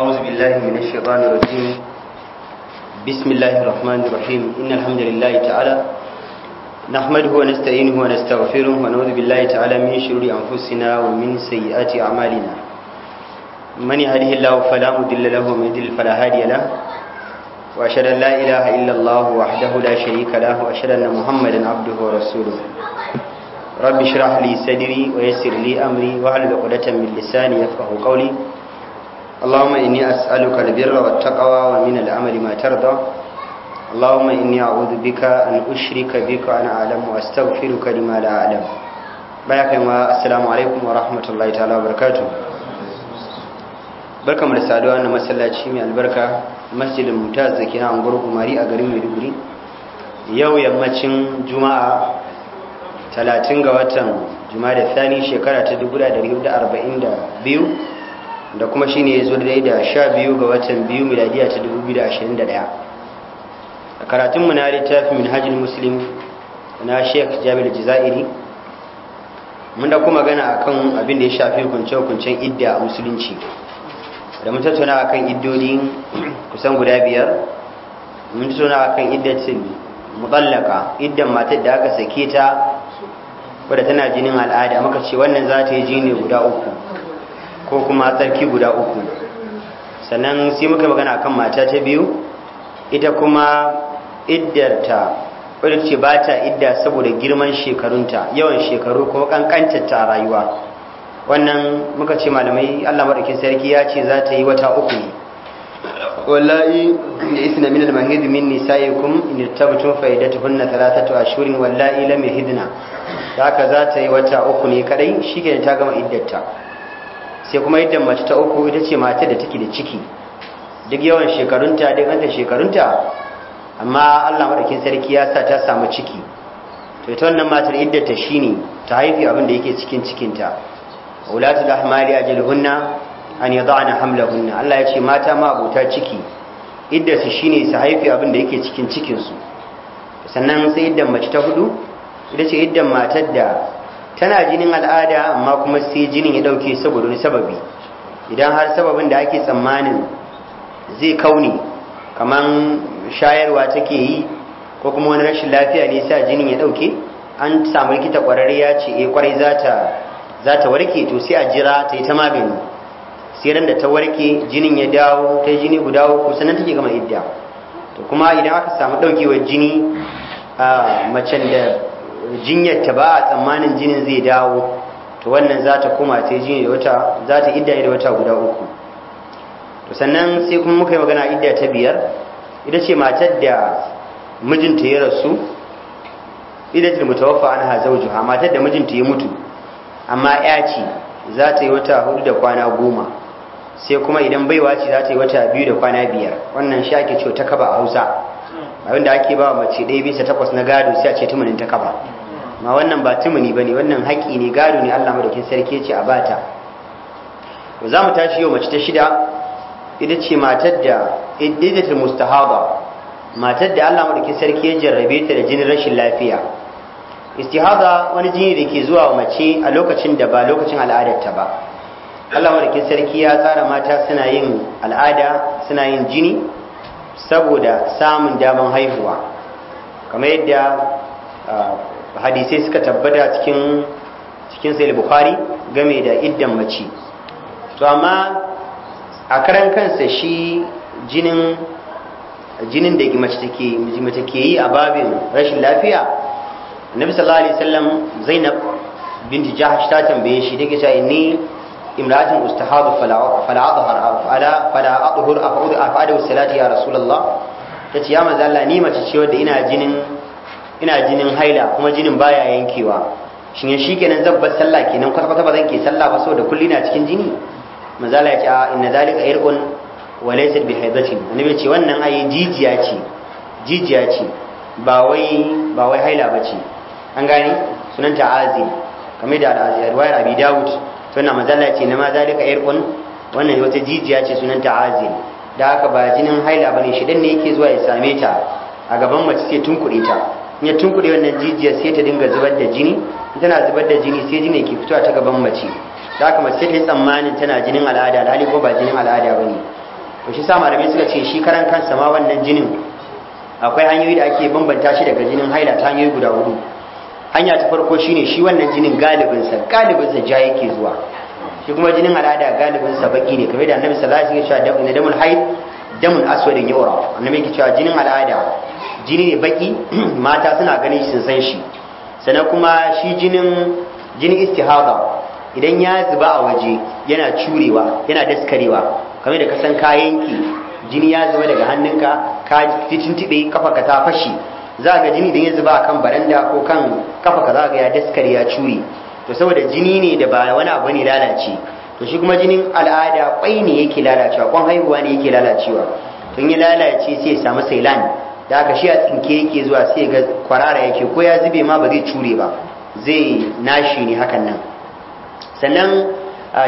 أعوذ بالله من الشيطان الرجيم بسم الله الرحمن الرحيم إن الحمد لله تعالى نحمده ونستعينه ونستغفره ونعوذ بالله تعالى من شرور أنفسنا ومن سيئات أعمالنا من يهده الله فلا مضل له ومن يضلل فلا هادي له وأشهد أن لا إله إلا الله وحده لا شريك له وأشهد أن محمدا عبده ورسوله رب اشرح لي صدري ويسر لي أمري واحلل عقدة من لساني يفقه قولي اللهم إني أسألك البر والتقوى ومن العمل ما na اللهم إني أعوذ بك أن أشرك بك أنا أعلم وأستغفرك لما لا أعلم bayakan wa assalamu alaikum wa rahmatullahi ala wa barakatuh barkamu da saduwa na masallaci mai albarka masjidin mutaz da ke nan gurgu a garin maiduguri yau yammacin juma'a 30 ga watan juma'a da thani shekara ta biyu. da kuma ne ya zo da da sha biyu ga watan biyu miladiya ta 2021 a karatunmu na littafin minhajin muslim na sheik jami'ar jiza'iri mun da kuma gana akan abin da ya shafi kunce kuncen idda a musulunci da mun tattauna akan iddodi kusan guda biyar mun tattauna akan iddatin mutallaka idda matar da aka sake ta wadda tana jinin al'ada muka ce wannan za ta yi jini guda uku ko kuma tsarki guda uku sannan sai muka magana kan mata ta biyu ita kuma iddarta wadda ce ba ta idda saboda girman shekarunta yawan shekaru ko kankantarta a rayuwa wannan muka ce malamai allah maɗaukin sarki ya ce za ta yi wata uku ne wallahi da isna min al-mahid min nisa'ikum in tabtum faidatuhunna thalathatu ashhurin wallahi lam yahidna haka za ta yi wata uku ne kadai shikenan ta gama iddarta sai kuma yadda mace ta uku ita ce mace da take da ciki duk yawan shekarunta duk an shekarunta amma Allah madaukin sarki ya sa ta samu ciki to ita wannan matar idda ta shine ta haifi abin da yake cikin cikinta ulatu lahmali ajalhunna an yad'ana hamlahunna Allah ya ce mata ma abota ciki idda su shine su haifi abin da yake cikin cikin su sannan sai iddan mace ta hudu ita ce iddan matar da tana jinin al'ada amma kuma sai jinin ya ɗauke saboda wani sababi idan har sababin da ake tsammanin zai kauni kaman shayarwa take yi ko kuma wani rashin lafiya ne sa jinin ya ɗauke an samu likita kwararre ya ce eh ƙwarai za ta warke to sai a jira ta yi ta magani sai ran da ta warke jinin ya dawo ta jini guda ko sannan take gama idda to kuma idan aka samu ɗaukewar jini a ah, macen da jinyarta ba a tsammanin jinin zai dawo to wannan za ta koma ta yi da wata za ta idda da wata guda uku to sannan sai kuma muka yi magana idda ta biyar ita ce matar da mijinta ya rasu idda ta mutawaffa an ha zaujuha matar da mijinta ya mutu amma ya ce za ta yi wata hudu da kwana goma sai kuma idan baiwa ce za ta yi wata biyu da kwana biyar wannan shi ake ce ta kaba a hausa abinda ake ba mace ɗaya bisa takwas na gado sai a ce tumanin ta kaba ma wannan ba tumuni bane wannan haƙi ne gado ne Allah madaukin sarki ce a bata to za mu tashi yau mace ta shida ita ce matar da iddatul mustahaba matar da Allah madaukin sarki ya jarrabe ta da jinin rashin lafiya istihada wani jini da ke zuwa wa mace a lokacin da ba lokacin al'adarta ba Allah madaukin sarki ya tsara mata suna yin al'ada suna yin jini saboda samun daman haihuwa kamar yadda ah, hadisai suka tabbata cikin cikin sai bukhari game da iddan mace to amma a karan kansa shi jinin da mace ke yi a babin rashin lafiya nabi sallallahu alaihi wasallam zainab binti jahash ta tambaye shi take cewa inni imra'atun ustahadu fala fala adhhar fala fala afa'udu afa'adu salati ya rasulullah tace ya manzo Allah ni mace ce wadda ina jinin ina jinin haila kuma jinin baya yankewa shin shi kenan zan sallah kenan kwata kwata ba zan ke sallah ba saboda kulli na cikin jini manzala ya ce a inna zalika irqun wa laysa bi haidatin annabi ce wannan ayi jijiya ce jijiya ce ba wai ba wai haila bace an gane sunanta azil kamar da al'azir wayar abi dawud sunna ya ce na ma zalika irqun wannan wata jijiya ce sunanta azil da haka ba jinin haila bane shi dan ne yake zuwa ya same ta a gaban mace sai tunkuɗe ta ya tunkuɗe wannan jijiyar sai ta dinga zubar da jini tana zubar da jini sai jini ke fitowa ta gaban mace da aka mace ta tsammanin tana jinin al'ada da ko ba jinin al'ada ne to shi sa malamai suka ce shi karan kansa ma wannan jinin akwai hanyoyi da ake bambanta shi daga jinin haila ta hanyoyi guda hudu hanya ta farko shine shi wannan jinin galibinsa galibinsa ja yake zuwa shi kuma jinin al'ada galibinsa baki ne kamar da annabi sallallahu alaihi wasallam ya ce damul haid damun aswadin yura annabi yake cewa jinin al'ada jini ne baki mata suna ganin shi sun san shi sannan kuma shi jinin jinin istihada idan ya zuba a waje yana curewa yana daskarewa kamar da kasan kayanki jini ya zuba daga hannunka ka tintube kafa ka ta fashi za ga jini idan ya zuba kan baranda ko kan kafa ka za ga ya daskare ya cure to saboda jini ne da ba wani abu ne lalace to shi kuma jinin al'ada kwai ne yake lalacewa kwan haihuwa ne yake lalacewa tun ya lalace sai ya samu sailan da aka shi a tsinke yake zuwa sai ga kwarara yake ko ya zube ma ba zai cure ba zai nashi ne hakan nan sannan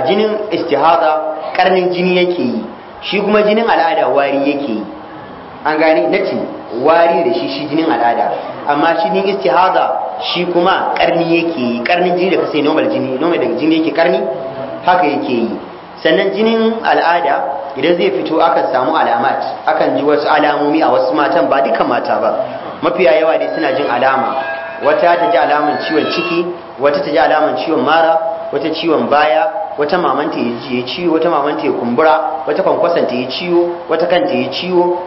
jinin istihada karnin jini yake yi shi kuma jinin al'ada wari yake yi an gane na ce wari da shi shi jinin al'ada amma shi jinin istihada shi kuma karni yake yi karnin jini da kasai normal jini normal da jini yake karni haka yake yi sannan jinin al'ada idan zai fito akan samu alamat akan ji wasu alamomi a wasu matan ba duka mata ba mafiya yawa dai suna jin alama wata ta ji alaman ciwon ciki wata ta ji alaman ciwon mara wata ciwon baya wata mamanta ya ji ciwo wata mamanta ya kumbura wata ta ya ciwo wata kanta ya ciwo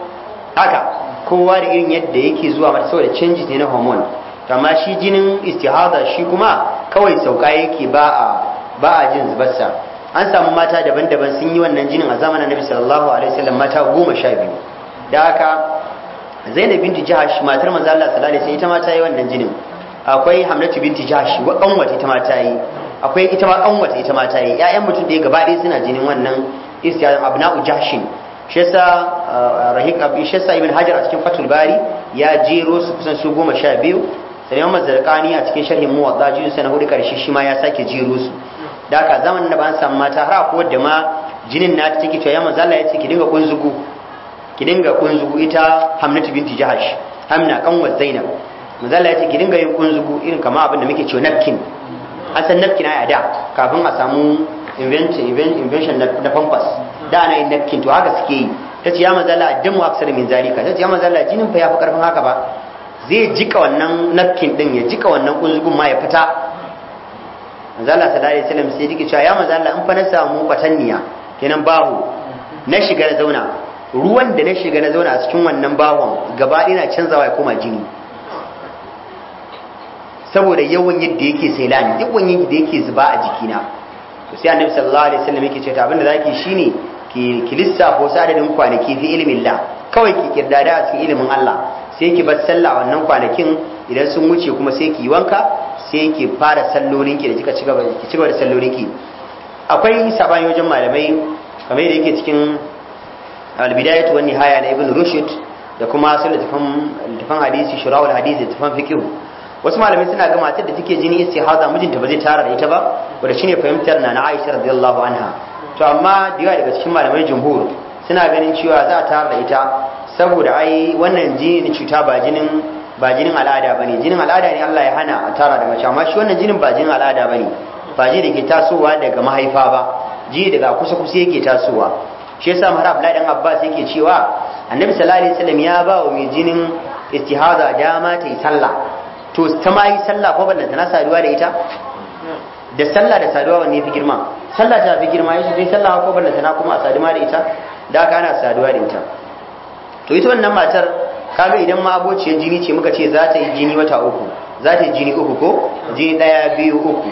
haka kowa da irin yadda yake zuwa mata saboda canji ne na hormone amma shi jinin istihada shi kuma kawai sauka yake ba a jin zubarsa an samu mata daban-daban sun yi wannan jinin a zamanin Nabi sallallahu alaihi wasallam mata goma sha biyu da haka Zainab binti Jahash matar manzo Allah sallallahu alaihi wasallam ita ma ta yi wannan jinin akwai Hamnatu binti Jahash wa kanwata ita ma ta yi akwai ita ma kanwata ita ma ta yi Ya'yan mutum da ya gaba ɗaya suna jinin wannan istiyadan abna'u Jahshin shi yasa uh, Rahik Abi shi yasa Ibn Hajar a cikin fatul Bari ya jero su kusan su goma sha biyu sai Imam Zarqani a cikin sharhin Muwaddaji sanahu da hudu karshe shi ma ya sake jero su da ka zaman da ban san mata har ko wadda ma jinin na ta take cewa ya manzo Allah ya ce ki dinga kunzugu ki dinga kunzugu ita Hamnatu binti Jahash Hamna kanwar Zainab manzo Allah ya ce ki dinga yin kunzugu irin kamar abin da muke cewa napkin asan napkin ai da kafin a samu invention na pampas da ana yin napkin to haka suke yi ta ce ya mazala addamu aksar min zalika ta ce ya Allah jinin fa ya fi karfin haka ba zai jika wannan napkin din ya jika wannan kunzugun ma ya fita manzo Allah sallallahu alaihi wasallam sai yake cewa ya manzo Allah in fa na samu kwatanniya kenan baho na shiga na zauna ruwan da na shiga na zauna a cikin wannan bahon gaba ina canzawa ya koma jini saboda yawan yadda yake sai lani yawan yadda yake zuba a jikina to sai annabi sallallahu alaihi wasallam yake cewa abinda zaki shine ki ki lissafa sadadin adadin kwanaki fi ilmin kawai ki kirdada a cikin ilimin Allah sai ki bar sallah wannan kwanakin idan sun wuce kuma sai ki yi wanka sai ki fara sallolinki da kika ci gaba ki ci da sallolinki akwai sabani wajen malamai kamar yadda yake cikin al wani haya nihaya na ibn rushd da kuma su littafin tafan hadisi shurahul hadisi tafan fikir wasu malamai suna ga matar da take jini sai istihaza mijinta ba zai tara da ita ba wanda shine fahimtar na na Aisha radiyallahu anha to amma da daga cikin malamai jumhur suna ganin cewa za a tara da ita saboda ai wannan jini cuta ba jinin ba jinin al'ada bane jinin al'ada ne Allah ya hana a tara da mace amma shi wannan jinin ba jinin al'ada bane ba ji da ke tasowa daga mahaifa ba ji daga kusa kusa yake tasowa shi yasa mahara Abdullahi dan Abbas yake cewa Annabi sallallahu alaihi wasallam ya ba wa mai jinin istihaza dama ta yi sallah to ta ma yi sallah ko ballanta na saduwa da ita da sallah da saduwa wanne fi girma sallah ta fi girma yashi dai sallah ko ballanta na kuma a saduwa da ita da aka ana saduwa da ita to ita wannan matar kaga idan ma abociyar jini ce muka ce za ta yi jini wata uku za ta yi jini uku ko jini ɗaya biyu uku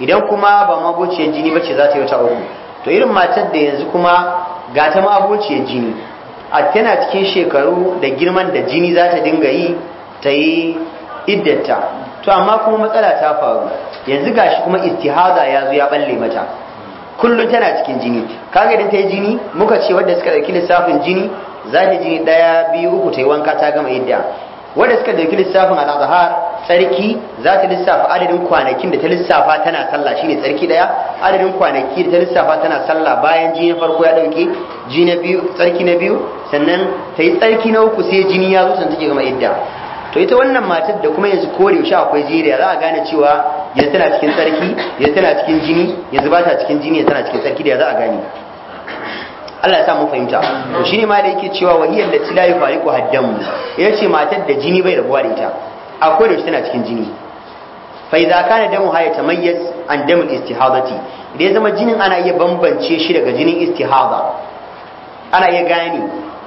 idan kuma ba mabociyar jini ba ce za ta yi wata uku to irin matar da yanzu kuma ga ta mabociyar jini a tana cikin shekaru da girman da jini za ta dinga yi ta yi iddata to amma kuma matsala ta faru yanzu gashi kuma istihada ya zo ya balle mata kullum tana cikin jini kaga idan ta yi jini muka ce wadda suka ɗauki lissafin jini za ta ji ɗaya biyu uku ta yi wanka ta gama idda wanda suka dauki lissafin al tsarki za ta lissafa adadin kwanakin da ta lissafa tana sallah shine tsarki daya adadin kwanaki da ta lissafa tana sallah bayan jini farko ya dauke jini na biyu tsarki na biyu sannan ta yi tsarki na uku sai jini ya zo gama idda to ita wannan matar da kuma yanzu ko yaushe akwai jiriya za a gane cewa yanzu tana cikin tsarki yanzu tana cikin jini yanzu ba ta cikin jini yanzu tana cikin tsarki da za a gane Allah ya sa mu fahimta to shine ma da yake cewa wa hiya allati la yufariqu haddamu yace matar da jini bai rabuwa da ita akwai da tana cikin jini fa idza kana damu haya tamayyaz an damu istihadati idan ya zama jinin ana iya bambance shi daga jinin istihada ana iya gane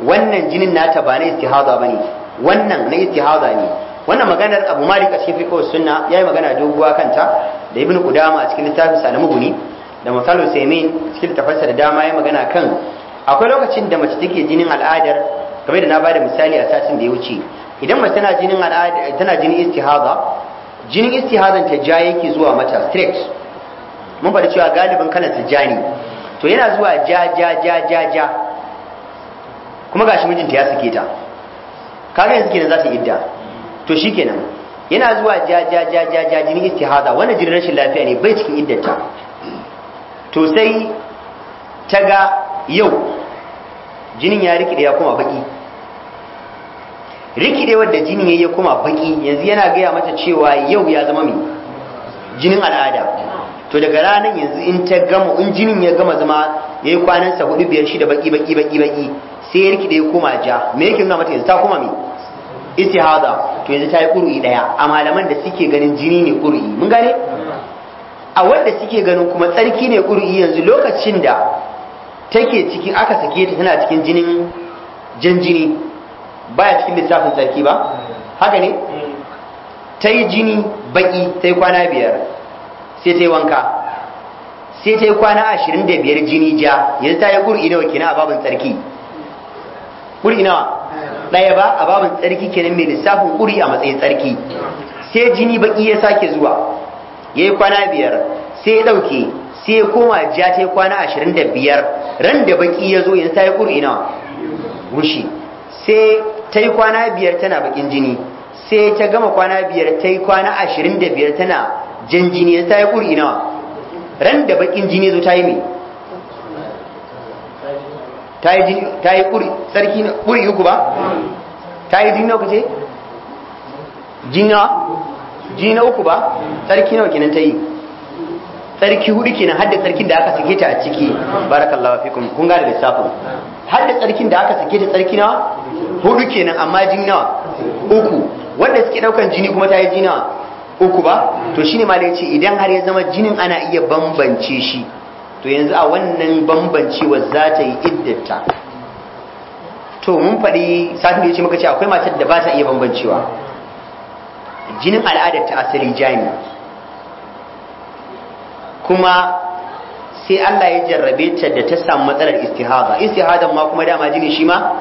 wannan jinin nata ba na istihada bane wannan na istihada ne wannan maganar Abu Malik a cikin fiqh sunna yayi magana doguwa kanta da Ibn Qudama a cikin littafin Salamu Guni da Musalu Saimin cikin tafsir da dama yayi magana kan akwai lokacin da mace take jinin al'adar kamar da na bada misali a satin da ya wuce idan mace tana jinin al'ada tana jinin istihaza jinin istihazan ta ja yake zuwa mata straight mun faɗi cewa galibin kana ta ja ne to yana zuwa ja ja ja ja ja kuma gashi mijinta ya sake ta kaga yanzu kenan za ta idda to shikenan yana zuwa ja ja ja ja ja jinin istihaza wannan jinin rashin lafiya ne bai cikin iddata to sai ta ga yau jinin ya rikide ya kuma baki rikidewar da jinin ya kuma baki yanzu yana gaya mata cewa yau ya zama mai jinin al'ada to daga ranar yanzu in ta gama in jinin ya gama zama ya yi kwanansa hudu biyar shida baki baki baki baki sai ya rikide ya kuma ja me yake nuna mata yanzu ta kuma mai istihada to yanzu ta yi ƙuri'i ɗaya a malaman da suke ganin jini ne ƙuri'i, mun gane a wanda suke ganin kuma tsarki ne ƙuri'i yanzu lokacin da take cikin aka sake ta tana cikin jinin jan jini baya cikin littafin tsarki ba haka ne ta yi jini baki ta yi kwana biyar sai ta yi wanka sai ta yi kwana ashirin da biyar jini ja yanzu ta yi ƙuri nawa kina a babin tsarki Ƙuri nawa ɗaya ba a babin tsarki kenan mai lissafin ƙuri a matsayin tsarki sai jini baki ya sake zuwa ya yi kwana biyar sai ya ɗauke sai ya koma ja ta yi kwana ashirin da biyar ran da baki ya zo yanzu ta yi ƙuri nawa rushe sai ta yi kwana biyar tana bakin jini sai ta gama kwana biyar ta yi kwana ashirin da biyar tana jan jini yanzu ta yi ƙuri nawa ran da bakin jini zo ta yi mai ta yi kuri tsarki kuri yuku ba ta yi jini na ce jini na? uku ba tsarki nawa kenan ta yi tsarki hudu kenan hadda tsarkin da aka sake ta a ciki barakallahu fikum kun gane lissafin hadda tsarkin da aka sake ta tsarki nawa hudu kenan amma jini nawa uku wanda suke daukan jini kuma ta yi jini nawa uku ba to shine malai ce idan har ya zama jinin ana iya bambance shi to yanzu a wannan bambancewa za ta yi iddata to mun faɗi satin da ya ce muka ce akwai matar da ba ta iya bambancewa jinin al'adar ta asali jami'a kuma sai Allah ya jarrabe ta da ta samu matsalar istihada istihadan ma kuma dama jini shi ma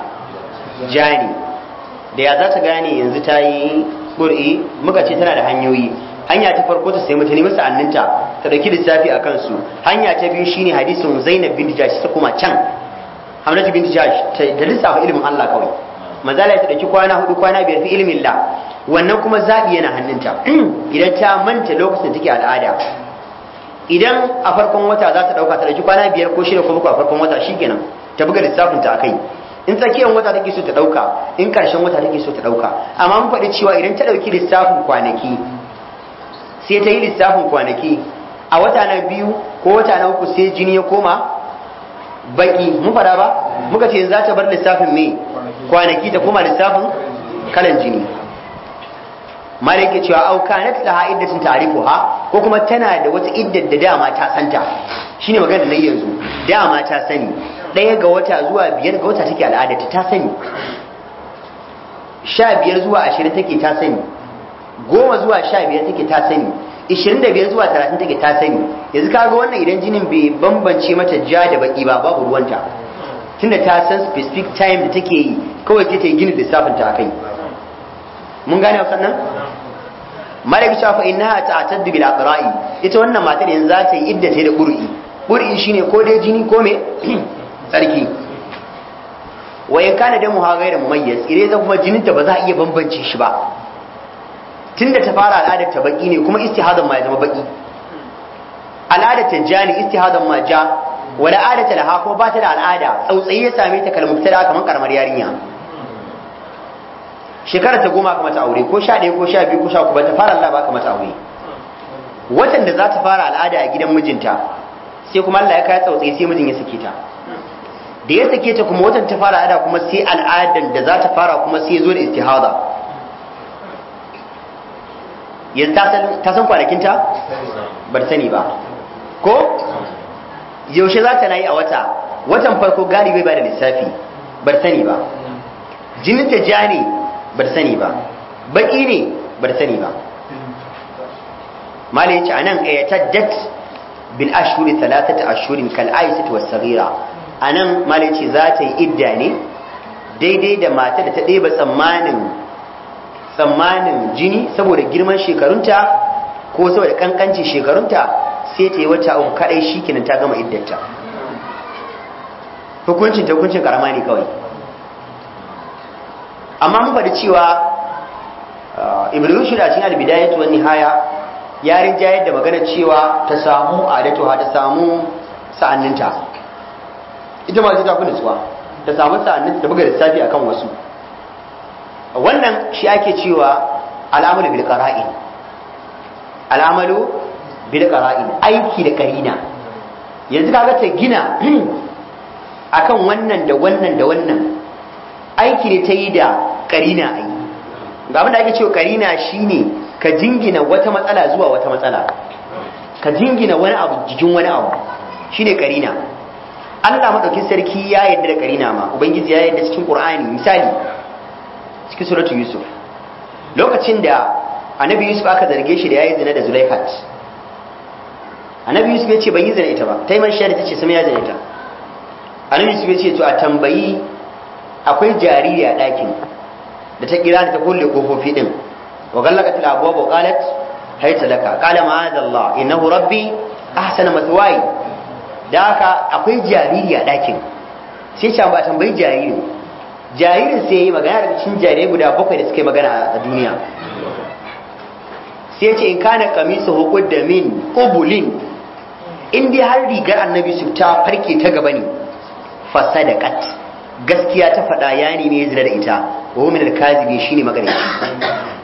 jani da ya za ta gane yanzu ta yi ƙuri muka ce tana da hanyoyi hanya ta farko ta sai mutane masa sa'anninta ta ɗauki lissafi a kansu hanya ta biyu shine hadisin zainab bin jashi ta kuma can hamdatu bin jashi ta lissafa ilimin Allah kawai mazala ta dauki kwana hudu kwana biyar fi ilimin la wannan kuma zabi yana hannunta idan ta manta lokacin da take al'ada idan a farkon wata za ta dauka ta dauki kwana biyar ko shida ko bakwai a farkon wata shikenan ta buga lissafin ta akai in tsakiyar wata take so ta dauka in karshen wata take so ta dauka amma mun faɗi cewa idan ta dauki lissafin kwanaki sai ta yi lissafin kwanaki a wata na biyu ko wata na uku sai jini ya koma baki mun faɗa ba muka ce za ta bar lissafin mai kwanaki ta koma lissafin kalan jini malaki cewa au kanat laha iddatun ta'rifuha ko kuma tana da wata iddar da dama ta santa shine magana da yanzu dama ta sani daya ga wata zuwa biyar ga wata take al'ada ta sani sha biyar zuwa ashirin take ta sani goma zuwa sha biyar take ta sani ishirin da biyar zuwa talatin take ta sani yanzu ka ga wannan idan jinin bai bambance mata ja da baki ba babu ruwanta tunda ta san specific time da take yi kawai ta yi gini lissafin ta kai mun gane wa malik cewa fa innaha ta'taddu bil aqra'i ita wannan matar yanzu za ta yi idda ta da qur'i qur'i shine ko dai jini ko me tsarki wa in kana da muhagairu mumayyiz ire za kuma jinin ta ba za a iya bambance shi ba tunda ta fara al'adar ta baki ne kuma istihadan ma ya zama baki al'adar ta jani istihadan ma ja wala al'adar ta laha ko ba ta da al'ada tsautsayi ya same ta kalmuktada kamar karamar yarinya shekara ta goma aka mata aure ko sha ɗaya ko sha biyu ko sha uku ta fara Allah ba aka mata aure watan da za ta fara al'ada a gidan mijinta sai kuma Allah ya kai tsautsi sai mijin ya sake ta da ya sake ta kuma watan ta fara al'ada kuma sai al'adan da za ta fara kuma sai zo da istihada yanzu ta san kwanakinta ba ta sani ba ko yaushe za ta nayi a wata watan farko gari bai ba da lissafi ba ta sani ba jinin ta ja ne Bar sani ba baƙi ne bar sani ba mala yace anan ayataddat bil ashhuri thalathata ashhurin kal aisati was saghira anan mala yace za ta yi idda ne daidai da mata da ta ɗeba tsammanin tsammanin jini saboda girman shekarunta ko saboda kankancin shekarunta sai ta yi wata uku kadai shikenan ta gama iddarta hukuncin ta hukuncin karama ne kawai amma mun faɗi cewa uh, ibn rushd a cikin al-bidayatu wan nihaya ya rinjayar da magana cewa ta samu adatu ha ta samu sa'anninta ita ma ta fi nutsuwa ta samu sa'anninta ta buga lissafi akan wasu wannan shi ake cewa al'amalu bil qara'in al'amalu bil qara'in aiki da karina yanzu kaga ta gina akan wannan da wannan da wannan aiki ne ta yi da karina a yi, ga abin da ake cewa karina shine ka jingina wata matsala zuwa wata matsala ka jingina wani abu jikin wani abu shine karina Allah madaukin sarki ya yarda da karina ma ubangiji ya yarda cikin Ƙur'ani, misali cikin suratul Yusuf lokacin da annabi Yusuf aka zarge shi da yayi zina da zulaifat annabi Yusuf ya ce ban yi zina ita ba ta yi man shari'a ta ce sama ya zina ita annabi Yusuf ya ce to a tambayi akwai jariri a ɗakin da ta kira ta kulle kofofi din wa gallaqat al abwab wa qalat hayta laka qala ma'ad Allah innahu rabbi ahsana mathwaya da haka akwai jariri a dakin sai can ba tambayi jaririn jaririn sai yayi magana da cikin jarirai guda bakwai da suke magana a duniya sai ce in kana kamisu hukud da min qubulin in dai har rigar annabi su ta farke ta gaba ne fasadakat gaskiya ta faɗa ya ne zina da ita wa min al-kazibi shine magareci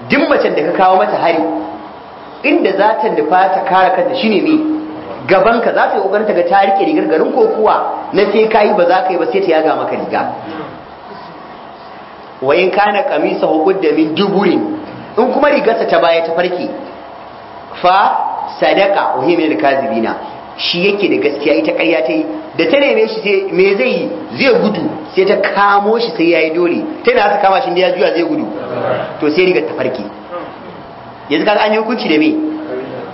duk macen da ka kawo mata hari inda za ta nufa ta kare kanta shine me gaban ka za ta yi ƙoƙarin ga ta rike rigar garin ko kuwa na sai yi ba za ka yi ba sai ta yaga maka riga wa in kana kamisa da min duburin in kuma rigarsa ta baya ta farke. fa sadaka wa hiya na. shi yake da gaskiya ita ƙarya ta yi da ta neme shi sai me zai yi zai gudu sai ta kamo shi sai yayi dole ta na aka kama shi da ya juya zai gudu to sai riga ta farke yanzu ka an yi hukunci da me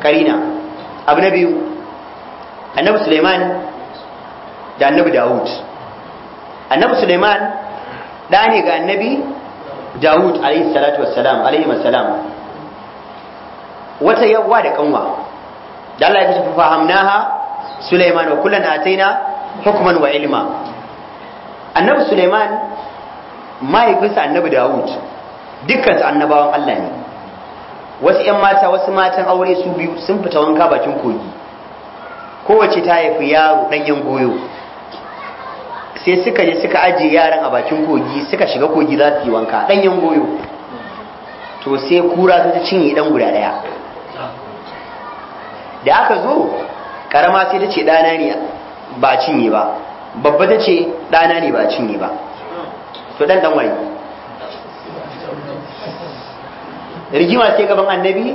karina abu na biyu annabi Suleiman da annabi Dawud annabi Suleiman da ne ga annabi Dawud alaihi salatu wassalam alaihi wassalam wata yawa da kanwa da Allah ya kace fahamnaha Sulaiman wa kullana ataina hukman wa ilma annabi Sulaiman mahaifinsa annabi Dawud dukkan annabawan Allah ne wasu ‘yan mata wasu matan aure su biyu sun fita wanka bakin kogi kowace ta haifi yaro ɗanyen goyo sai suka je suka ajiye yaran a bakin kogi suka shiga kogi za su yi wanka ɗanyen goyo to sai kura ta cinye ɗan guda ɗaya da aka zo karama sai ta ce ɗana ne ba cinye ba babba ta ce ɗana ne ba cinye ba to ɗan ɗan wani rigima sai gaban annabi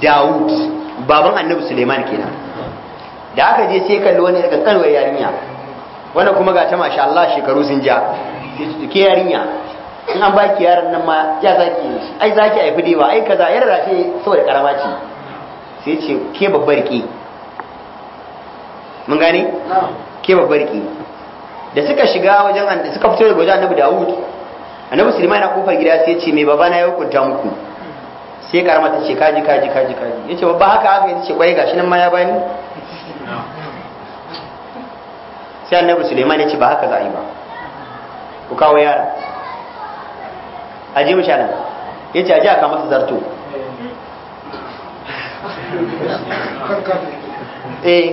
dawud baban annabi suleiman kenan da aka je sai kalli wani kankanwar yarinya wanda kuma ga ta masha Allah shekaru sun ja ke yarinya in an baki yaran nan ma ya zaki ai zaki ai fide ba ai kaza yar ce saboda karama ce sai ce ke babbar ki mun gane ke babbar ki da suka shiga wajen an suka fito daga wajen annabi Dawud annabi Sulaiman yana kofar gida sai ce me baba na ya hukunta muku sai karama ta ce kaji kaji kaji kaji yace babba haka haka yace kwai gashi nan ma ya bani sai annabi Sulaiman ya ce ba haka za a yi ba ku kawo yara aje mu nan yace aje aka masa zarto eh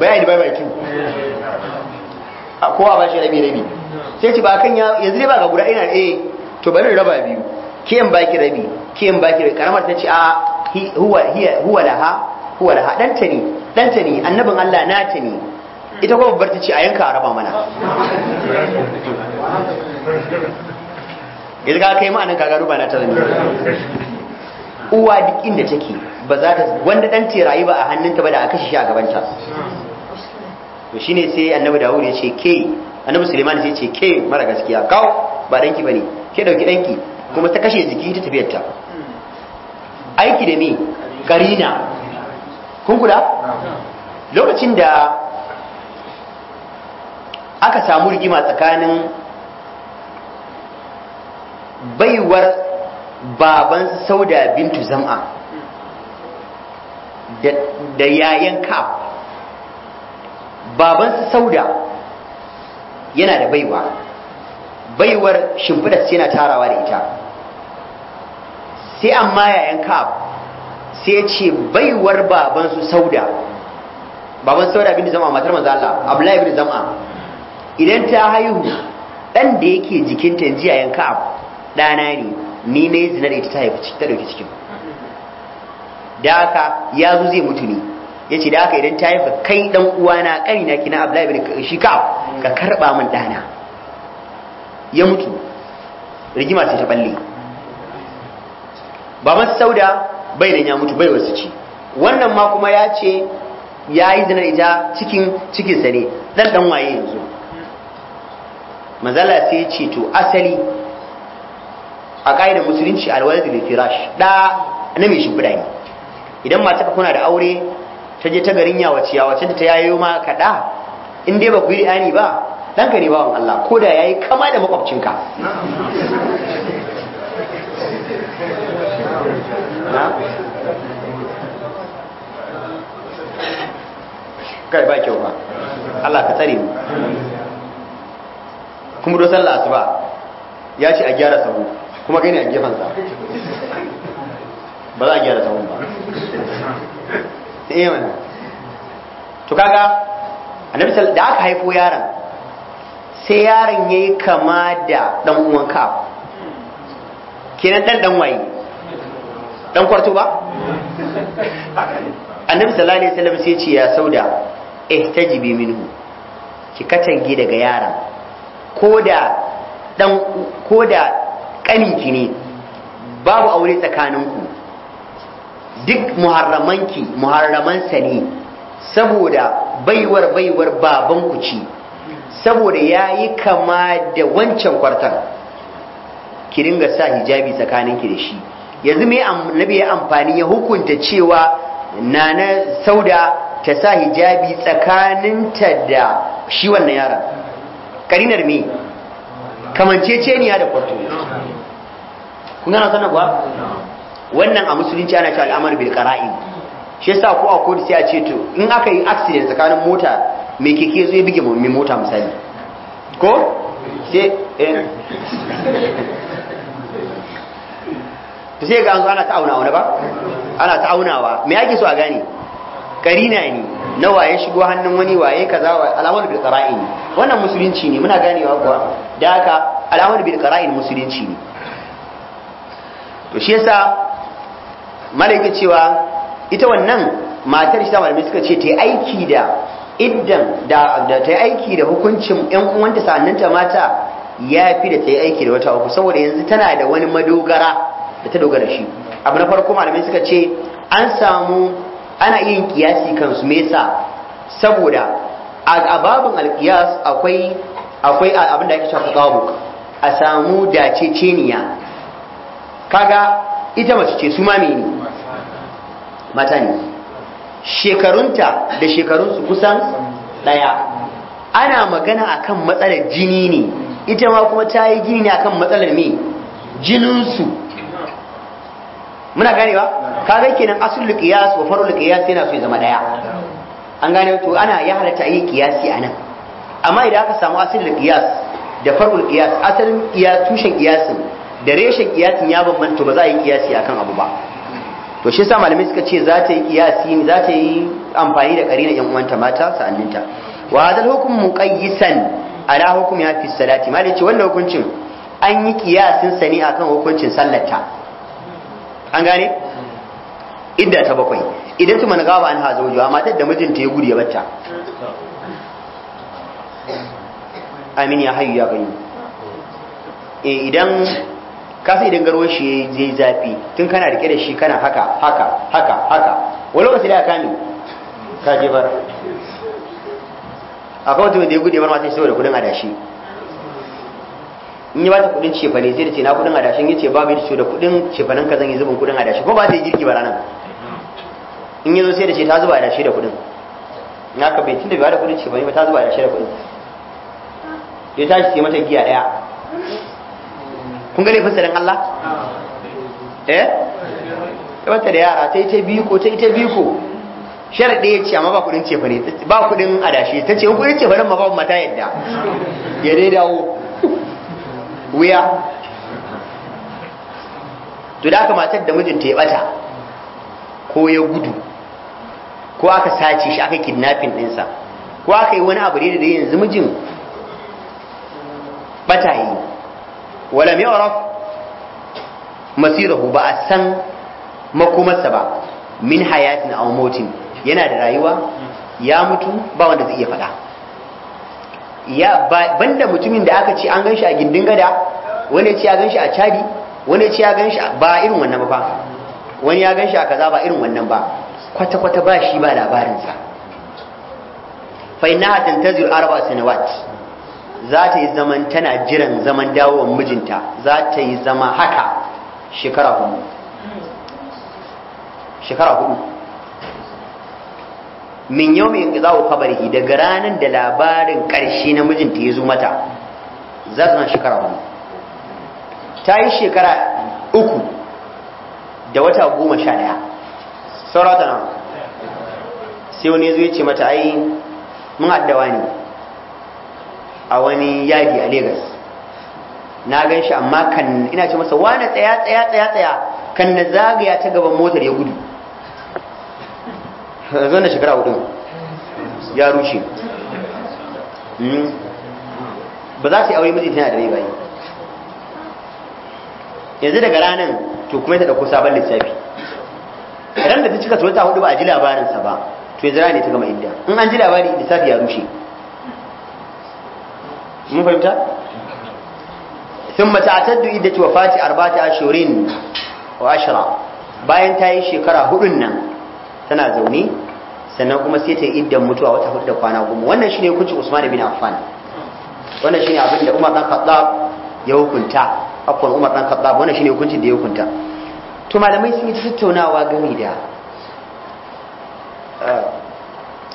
bayani bai bai two kowa ba shi rabi rabi sai ce ba kan ya yanzu dai ba ga guda ina eh to bari raba biyu kiyan baki rabi kiyan baki rabi karamar ta ce a huwa hiya huwa laha huwa laha danta ne danta ne annabin Allah na ta ne ita kuma babbar ta ce a yanka a raba mana yanzu ka kai ma'anin kaga ruba na ta zama uwa duk inda take ba za ta wanda dan ce rayu ba a hannunta ba da aka shi a gabanta to shine sai annabi dawud ya ce ke annabi suleiman sai ce ke mara gaskiya kawo ba danki bane ke dauki danki kuma ta kashe jiki ta tafiyar ta aiki da me karina kun kula lokacin da aka samu rigima tsakanin baiwar baban sauda bintu zam'a da yayan kaf baban sauda yana da baiwa baiwar shimfiɗar yana tarawa da ita sai amma yayan kaf sai ya ce baiwar baban su sauda baban sauda bin zama matar manzo Allah Abdullahi bin zama idan ta haihu dan da yake jikinta yanzu yayan kaf ɗana ne ni ne zinar ita ta haifi ta dauki cikin da haka ya zo zai mutu ne yace da haka idan ta yi kai dan uwana kari na kina Abdullahi ibn shi ka karba min dana ya mutu rigima sai ta balle Ba ma Sauda bai nan ya mutu bai wasu ci wannan ma kuma ya ce ya yi zinar ita cikin cikinsa ne dan dan waye yanzu mazala sai ce to asali a ƙa'idar musulunci alwalad da firash da na mai shimfiɗa ne idan mace ka kuna da aure ta je ta garin yawaciya wace ta yayo ma kaɗa in dai ba ku yi ani ba ka ne bawan Allah ko da yayi kama da makwabcinka kai ba kyau ba Allah ka tsare mu kuma do sallah asuba ya ce a gyara sabu kuma kai ne a gefansa ba za a gyara sahun ba eh mana to kaga annabi da aka haifo yaron sai yaron yayi kama da dan uwan ka kenan dan dan waye dan kwarto ba annabi sallallahu alaihi wasallam sai ce ya sauda ihtajibi minhu ki katange daga yaron koda dan koda kaninki ne babu aure tsakaninku duk muharramanki muharramansa ne saboda baiwar baiwar baban ku ci saboda ya yi kama da wancan kwartar, ki dinga sa hijabi tsakaninki da shi yanzu me annabi ya amfani ya hukunta cewa nana sauda ta sa hijabi tsakaninta da shi wannan yaron karinar me kamanceceniya da kwarto kun gana sanar kuwa wannan a musulunci ana cewa al'amar bil qara'in shi yasa ko a kodi sai a ce to in aka yi accident tsakanin mota mai keke zai bige mai mota misali ko sai eh. to sai ga an zo ana ta auna wani ba ana ta aunawa me yake so a gane karina ne na waye shigo hannun wani waye kaza wa alamar bil qara'in wannan musulunci ne muna ganewa kuwa da haka alamar bil qara'in musulunci ne to shi yasa malaka cewa ita wannan matar shi ta malamai suka ce ta aiki da iddan da ta aiki da hukuncin yan uwanta sannan ta mata ya fi da ta aiki da wata uku saboda yanzu tana da wani madogara da ta dogara shi abu na farko malamai suka ce an samu ana yin kiyasi kan sumesa mesa saboda a babin alkiyas akwai akwai abin da ake cewa a samu daceceniya kaga ita mace ce su mami ne mata ne shekarunta da shekarunsu kusan ɗaya ana magana akan matsalar jini ne ita ma kuma ta yi gini ne akan matsalar me jininsu muna ganewa ga kenan asul qiyas wa farul qiyas yana so ya zama daya an gane to ana ya halatta yi qiyasi anan amma idan aka samu asul qiyas da farul qiyas asalin qiyas tushen qiyasin da reshen kiyasin ya bambanta ba za a yi kiyasi akan abu ba to shi yasa malamai suka ce za ta yi kiyasi za ta yi amfani da karina yan uwanta mata sa'anninta wa hadal hukum muqayyisan ala hukum ya fi salati malai ce wannan hukuncin an yi kiyasin sa ne akan hukuncin sallata an gane idda ta bakwai idan tuma nagaba gaba an hazo juwa matar da mijinta ya gudu ya batta amin ya hayyu ya bayyana eh, idan ka sai idan garwar shi zai zafi tun kana rike da shi kana haka haka haka haka wani lokaci da ka ne ka je bar akwai mutumin da ya gude matashi saboda kudin adashi in yi bata kudin cefane sai da ce na kudin adashin ya ce babu ya da kudin cefanen ka zan yi zubin kudin adashi ko ba ta yi girki ba ranar in yi zo sai da ce ta zuba adashi da kudin in haka bai tun da bai da kudin cefane ba ta zuba adashi da kudin ya tashi sai mata giya daya kun gane fasirin Allah eh ta bata da yara ta yi ta biyu ko ta yi ta biyu ko sharaɗe ya ce amma ba kuɗin cefa ne ba kuɗin adashi ta ce kuɗin cefa ma babu mata yadda ya dai dawo wuya to da aka matar da mijinta ya bata ko ya gudu ko aka sace shi aka kidnapping ɗinsa ko aka yi wani abu da yanzu mijin bata yi walam yu'raf masirahu ba a san makomarsa ba min hayatin aw mautin yana da rayuwa ya mutu ba wanda zai iya faɗa ya banda mutumin da aka ci an gan shi a gindin gada wani ce ya ganshi a cadi wani ce ya ganshi ba irin wannan ba wani ya gan shi a kaza ba irin wannan ba kwata kwata ba shi ba labarinsa fa innaha tantaziru arba'a sanawat za ta yi zaman tana jiran zaman dawowar mijinta za ta yi zama haka shekara hudu shekara hudu min yau mai za ku kabari daga ranar da labarin ƙarshe na mijinta ya zo mata za ta zama shekara hudu ta yi shekara uku da wata goma sha ɗaya saurata nan sai wani ya zo ya ce mata ai mun addawa ne a wani yadi a Legas na gan shi amma kan ina ce masa wani tsaya tsaya tsaya tsaya kan na zagaya ta gaban motar ya gudu zan da shekara hudu ya rushe hmm. ba za su yi aure mutu tana da rai bayi yanzu daga ranar to kuma ya ta ɗauko sabon lissafi ran da ta cika ta wata hudu ba a ji labarinsa ba to yanzu ranar ne ta gama idda in an ji labarin lissafi ya rushe mun fahimta thumma ta'taddu iddatu wafati arba'ati ashhurin wa ashra bayan ta yi shekara hudun nan tana zaune sannan kuma sai ta yi iddan mutuwa wata hudu da kwana goma wannan shine hukuncin Usman bin Affan wannan shine abin da Umar dan Khattab ya hukunta afwan Umar dan Khattab wannan shine hukuncin da ya hukunta to malamai sun yi tattaunawa game da eh,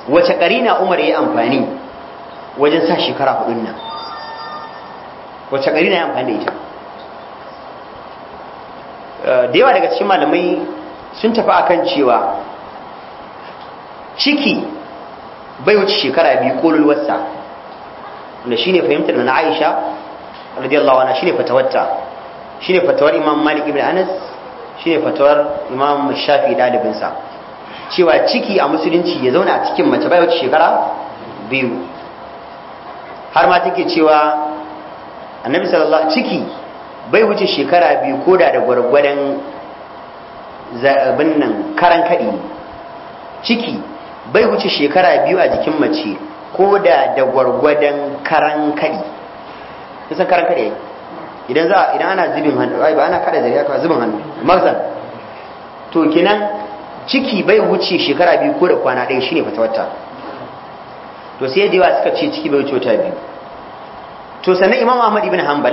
wace karina Umar ya yi amfani wajen sa shekara hudun nan wacce gari na yi amfani da ita eh, da yawa daga cikin malamai sun tafi akan cewa ciki bai wuce shekara biyu ko kolulwarsa wanda ne fahimtar na Aisha radiyallahu anha ne fatawarta ne fatawar Imam Malik ibn Anas ne fatawar Imam Shafi dalibinsa cewa ciki a musulunci ya zauna a cikin mace bai wuce shekara biyu har ma take cewa annabi sallallahu ciki bai wuce shekara biyu ko da gwargwadon zabin nan karan kaɗi ciki bai wuce shekara biyu a jikin mace ko da da gwargwadon karan kaɗi kusan karan kaɗi idan za idan ana zubin hannu ba ana kada zariya ka zubin hannu magzan to kenan ciki bai wuce shekara biyu ko da kwana ɗaya shine fatawata to sai yadda yawa suka ce ciki bai wuce wata biyu to sannan imam ahmad ibn hanbal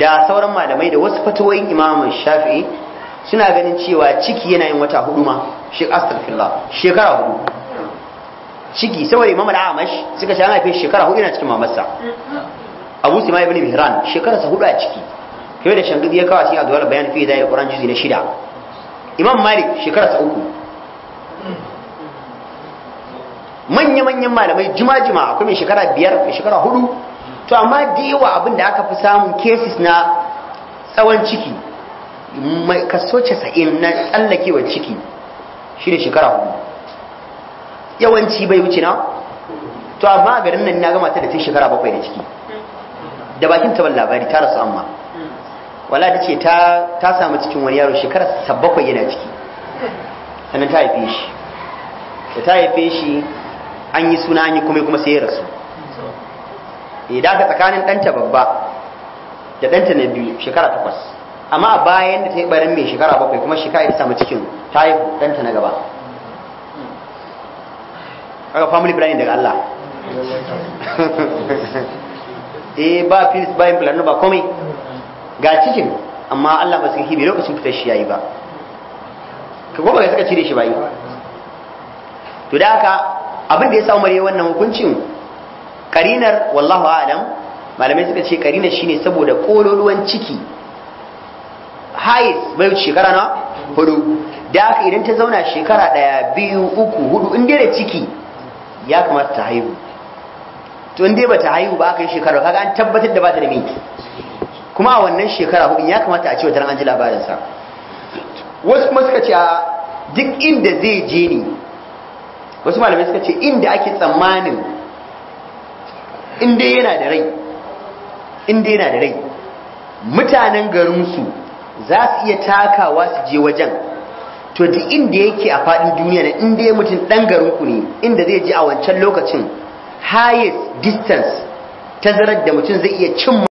da sauran malamai da wasu fatawoyin imam shafi'i suna ganin cewa ciki yana yin wata hudu ma shi astaghfirullah shekara hudu ciki saboda imam al-amash suka ce an haife shekara hudu yana cikin mamarsa abu sima ibn mihran shekara sa hudu a ciki kai da shangudi ya kawo a adwar bayan fi da alquran juzi na shida imam malik shekara sa uku manya-manyan malamai juma-juma akwai mai shekara biyar mai shekara hudu to amma da yawa abin da aka fi samun cases na tsawon ciki mai kaso casa'in na tsallakewar ciki shi da shekara hudu yawanci bai wuce na to amma a garin nan na gama ta da ta shekara bakwai da ciki da bakin taban labari ta rasu amma wala ta ce ta samu cikin wani yaro shekara sabbakwai bakwai yana ciki sannan ta haife shi da ta haife shi an yi suna yi kuma kuma sai ya rasu idan eh, ka tsakanin danta babba da danta na biyu shekara takwas amma a bayan da ta yi barin mai shekara bakwai kuma shekara ta samu cikin ta yi danta na gaba aka family planning daga Allah eh ba filis bayan planning ba komai ga cikin amma Allah ba su hibi lokacin fitar shi yayi ba ka goma ga suka cire shi bayi to da haka abin da ya sa Umar ya wannan hukuncin karinar wallahu adam malamai suka ce karinar shine saboda kololuwan ciki hais bai shekara na hudu da aka idan ta zauna shekara daya biyu uku hudu in dai da ciki ya kamata ta haihu to in dai bata haihu ba aka yi shekara kaga an tabbatar da ba ta da miki kuma a wannan shekara hudun ya kamata a ce wata an ji labarinsa wasu kuma suka ce duk inda zai je ne wasu malamai suka ce inda ake tsammanin inda yana da rai inda yana da rai mutanen garinsu za su iya takawa su je wajen to duk inda yake a faɗin duniya na inda ya mutum ɗan garinku ne inda zai je a wancan lokacin highest distance tazarar da mutum zai iya cimma